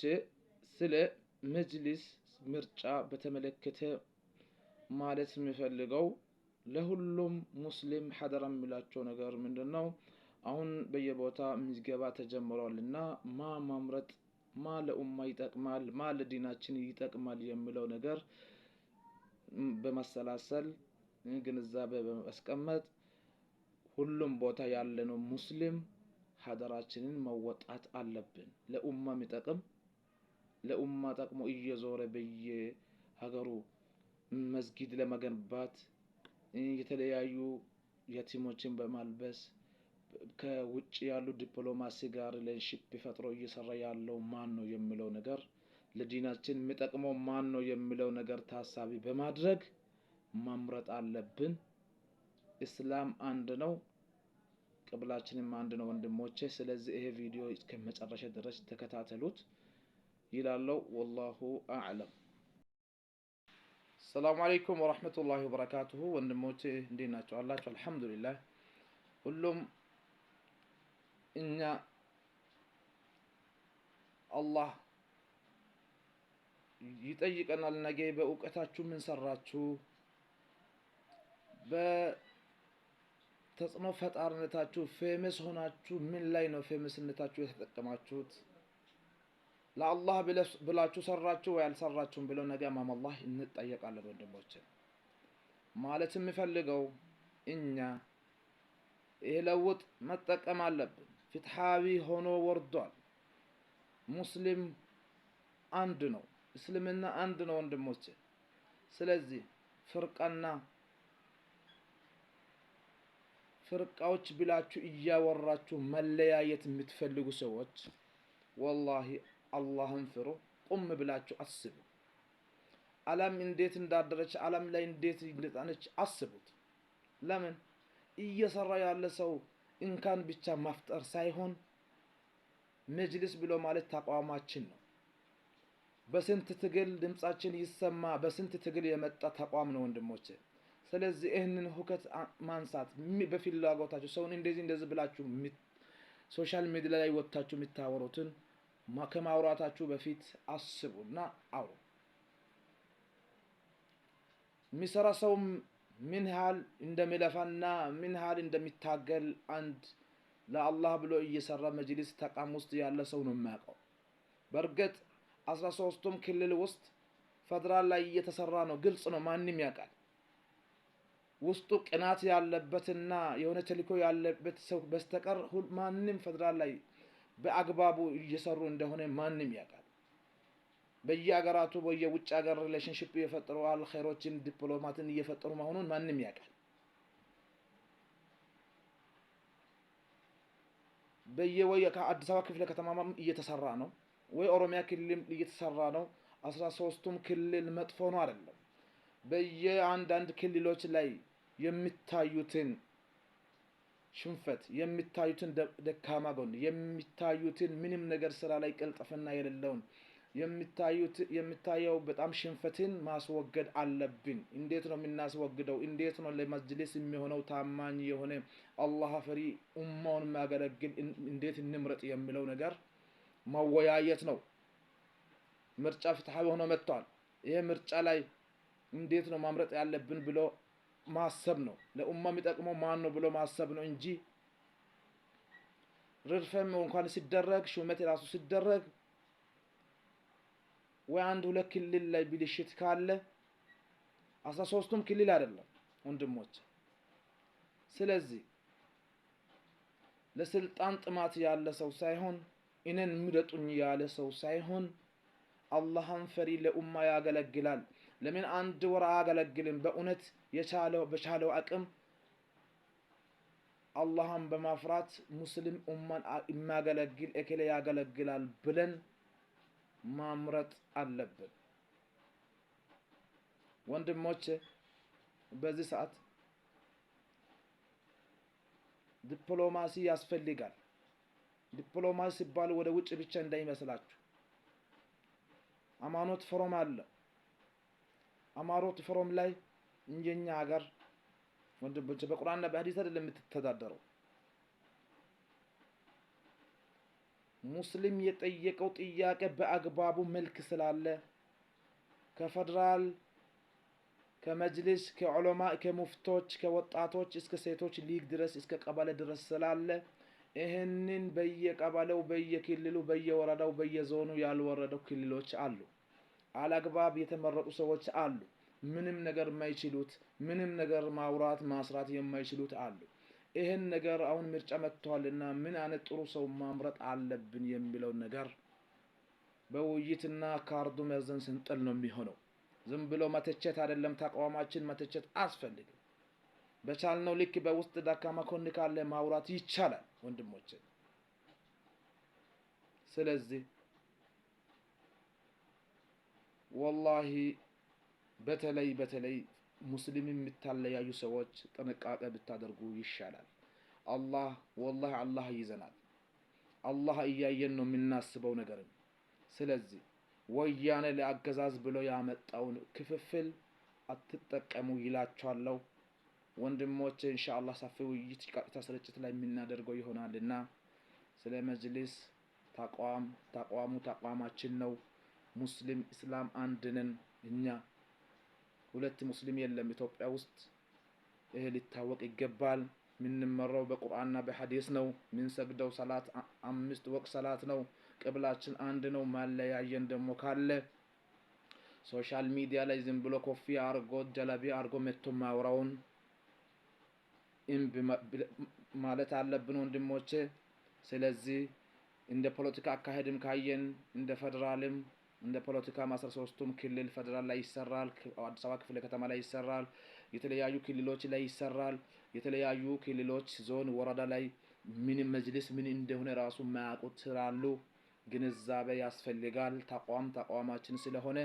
ች ስለ መጅሊስ ምርጫ በተመለከተ ማለት የሚፈልገው ለሁሉም ሙስሊም ሀደራ የሚላቸው ነገር ምንድን ነው? አሁን በየቦታ ምዝገባ ተጀምሯል እና ማ ማምረጥ ማ ለኡማ ይጠቅማል ማ ለዲናችን ይጠቅማል የሚለው ነገር በማሰላሰል ግንዛቤ በማስቀመጥ ሁሉም ቦታ ያለነው ሙስሊም ሀደራችንን መወጣት አለብን። ለኡማ የሚጠቅም ለኡማ ጠቅሞ እየዞረ በየ ሀገሩ መስጊድ ለመገንባት የተለያዩ የቲሞችን በማልበስ ከውጭ ያሉ ዲፕሎማሲ ጋር ሪሌሽንሽፕ ፈጥሮ እየሰራ ያለው ማን ነው የሚለው ነገር ለዲናችን የሚጠቅመው ማን ነው የሚለው ነገር ታሳቢ በማድረግ መምረጥ አለብን። እስላም አንድ ነው፣ ቅብላችንም አንድ ነው ወንድሞቼ። ስለዚህ ይሄ ቪዲዮ እስከ መጨረሻ ድረስ ተከታተሉት። ይላለው። ወላሁ አዕለም። ሰላሙ አሌይኩም ወረህመቱላሂ ወበረካቱሁ። ወንድሞቼ እንዴት ናቸው አላቸው? አልሐምዱሊላህ። ሁሉም እኛ አላህ ይጠይቀናል ነገ። በእውቀታችሁ ምን ሰራችሁ? በተጽዕኖ ፈጣርነታችሁ ፌመስ ሆናችሁ ምን ላይ ነው ፌመስነታችሁ የተጠቀማችሁት? ለአላህ ብላችሁ ሰራችሁ ወይ አልሰራችሁም ብለው ነገ ማም አላህ እንጠየቃለን። ወንድሞች ማለት የምፈልገው እኛ ይህ ለውጥ መጠቀም አለብን። ፍትሃዊ ሆኖ ወርዷል። ሙስሊም አንድ ነው፣ እስልምና አንድ ነው ወንድሞች። ስለዚህ ፍርቃና ፍርቃዎች ብላችሁ እያወራችሁ መለያየት የምትፈልጉ ሰዎች ወላሂ አላህን ፍሩ። ቁም ብላችሁ አስቡ። ዓለም እንዴት እንዳደረች፣ ዓለም ላይ እንዴት እንደጣነች አስቡት። ለምን እየሰራ ያለ ሰው እንካን ብቻ ማፍጠር ሳይሆን መጅልስ ብሎ ማለት ተቋማችን ነው። በስንት ትግል ድምጻችን ይሰማ፣ በስንት ትግል የመጣ ተቋም ነው ወንድሞች ስለዚህ ይህንን ሁከት ማንሳት በፍላጎታችሁ ሰውን እንደዚህ እንደዚህ ብላችሁ ሶሻል ሚዲያ ላይ ወጥታችሁ የሚታወሩትን? ከማውራታችሁ በፊት አስቡና አውሩ። የሚሰራ ሰውም ምን ያህል እንደሚለፋና ምን ያህል እንደሚታገል አንድ ለአላህ ብሎ እየሰራ መጅሊስ ተቋም ውስጥ ያለ ሰው ነው የሚያውቀው። በእርግጥ አስራ ሶስቱም ክልል ውስጥ ፌደራል ላይ እየተሰራ ነው፣ ግልጽ ነው፣ ማንም ያውቃል። ውስጡ ቅናት ያለበትና የሆነ ተልዕኮ ያለበት ሰው በስተቀር ማንም ፌደራል ላይ በአግባቡ እየሰሩ እንደሆነ ማንም ያውቃል። በየአገራቱ በየውጭ ሀገር ሪሌሽንሽፕ የፈጠሩ አልኸይሮችን ዲፕሎማትን እየፈጠሩ መሆኑን ማንም ያውቃል። በየወይ ከአዲስ አበባ ክፍለ ከተማም እየተሰራ ነው ወይ ኦሮሚያ ክልልም እየተሰራ ነው። አስራ ሶስቱም ክልል መጥፎ ነው አይደለም። በየአንዳንድ ክልሎች ላይ የሚታዩትን ሽንፈት፣ የሚታዩትን ደካማ ጎን፣ የሚታዩትን ምንም ነገር ስራ ላይ ቅልጥፍና የሌለውን የሚታየው በጣም ሽንፈትን ማስወገድ አለብን። እንዴት ነው የምናስወግደው? እንዴት ነው ለመጅሊስ የሚሆነው ታማኝ የሆነ አላህ ፈሪ ኡማውን የሚያገለግል እንዴት እንምረጥ የሚለው ነገር መወያየት ነው። ምርጫ ፍትሐዊ ሆኖ መጥቷል። ይሄ ምርጫ ላይ እንዴት ነው ማምረጥ ያለብን ብሎ ማሰብ ነው። ለኡማ የሚጠቅመው ማን ነው ብሎ ማሰብ ነው እንጂ ርድፈም እንኳን ሲደረግ ሹመት የራሱ ሲደረግ ወይ አንድ ሁለት ክልል ላይ ብልሽት ካለ አስራ ሶስቱም ክልል አይደለም ወንድሞች። ስለዚህ ለስልጣን ጥማት ያለ ሰው ሳይሆን እኔን ምረጡኝ ያለ ሰው ሳይሆን አላህን ፈሪ ለኡማ ያገለግላል። ለምን አንድ ወር አያገለግልም? በእውነት በቻለው አቅም አላህን በማፍራት ሙስሊም ኡማን የሚያገለግል እከሌ ያገለግላል ብለን ማምረጥ አለብን። ወንድሞች በዚህ ሰዓት ዲፕሎማሲ ያስፈልጋል። ዲፕሎማሲ ሲባል ወደ ውጭ ብቻ እንዳይመስላችሁ። ሃይማኖት ፎረም አለ። ሃይማኖት ፎረም ላይ እንጂ እኛ ሀገር ወንድሞች በቁርአንና በሐዲስ አይደለም የምትተዳደረው። ሙስሊም የጠየቀው ጥያቄ በአግባቡ መልክ ስላለ ከፌደራል ከመጅልስ ከዑለማ ከሙፍቶች ከወጣቶች እስከ ሴቶች ሊግ ድረስ እስከ ቀበሌ ድረስ ስላለ ይህንን በየቀበሌው በየክልሉ በየወረዳው በየዞኑ ያልወረደው ክልሎች አሉ። አላግባብ የተመረጡ ሰዎች አሉ። ምንም ነገር የማይችሉት ምንም ነገር ማውራት ማስራት የማይችሉት አሉ። ይህን ነገር አሁን ምርጫ መጥቷልና ምን አይነት ጥሩ ሰው ማምረጥ አለብን የሚለው ነገር በውይይትና ካርዱ መዘን ስንጥል ነው የሚሆነው። ዝም ብሎ መተቸት አይደለም። ተቋማችን መተቸት አስፈልግም። በቻልነው ልክ በውስጥ ደካማ ኮን ካለ ማውራት ይቻላል ወንድሞችን። ስለዚህ ወላሂ በተለይ በተለይ ሙስሊም የምታለያዩ ሰዎች ጥንቃቄ ብታደርጉ ይሻላል። አላህ ወላሂ አላህ ይዘናል። አላህ እያየን ነው የምናስበው ነገርም። ስለዚህ ወያኔ ለአገዛዝ ብሎ ያመጣውን ክፍፍል አትጠቀሙ ይላችኋለሁ ወንድሞቼ። ኢንሻአላህ ሰፊ ውይይት ቀጥታ ስርጭት ላይ የምናደርገው ይሆናልና ስለ መጅሊስ ተቋም ተቋሙ ተቋማችን ነው። ሙስሊም እስላም አንድ ነን እኛ ሁለት ሙስሊም የለም ኢትዮጵያ ውስጥ። ይህ ሊታወቅ ይገባል። የምንመራው በቁርአንና በሐዲስ ነው። የምንሰግደው ሰላት አምስት ወቅት ሰላት ነው። ቅብላችን አንድ ነው። ማለያየን ደግሞ ካለ ሶሻል ሚዲያ ላይ ዝም ብሎ ኮፍያ አርጎ ጀለቢ አርጎ መጥቶ ማውራውን እምብ ማለት አለብን ወንድሞቼ። ስለዚህ እንደ ፖለቲካ አካሄድም ካየን እንደ ፌዴራልም እንደ ፖለቲካም አስራ ሶስቱም ክልል ፌዴራል ላይ ይሰራል። አዲስ አበባ ክፍለ ከተማ ላይ ይሰራል። የተለያዩ ክልሎች ላይ ይሰራል። የተለያዩ ክልሎች ዞን፣ ወረዳ ላይ ምን መጅልስ ምን እንደሆነ ራሱ ማያውቁት ስላሉ ግንዛቤ ያስፈልጋል። ተቋም ተቋማችን ስለሆነ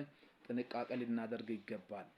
ጥንቃቄ ልናደርግ ይገባል።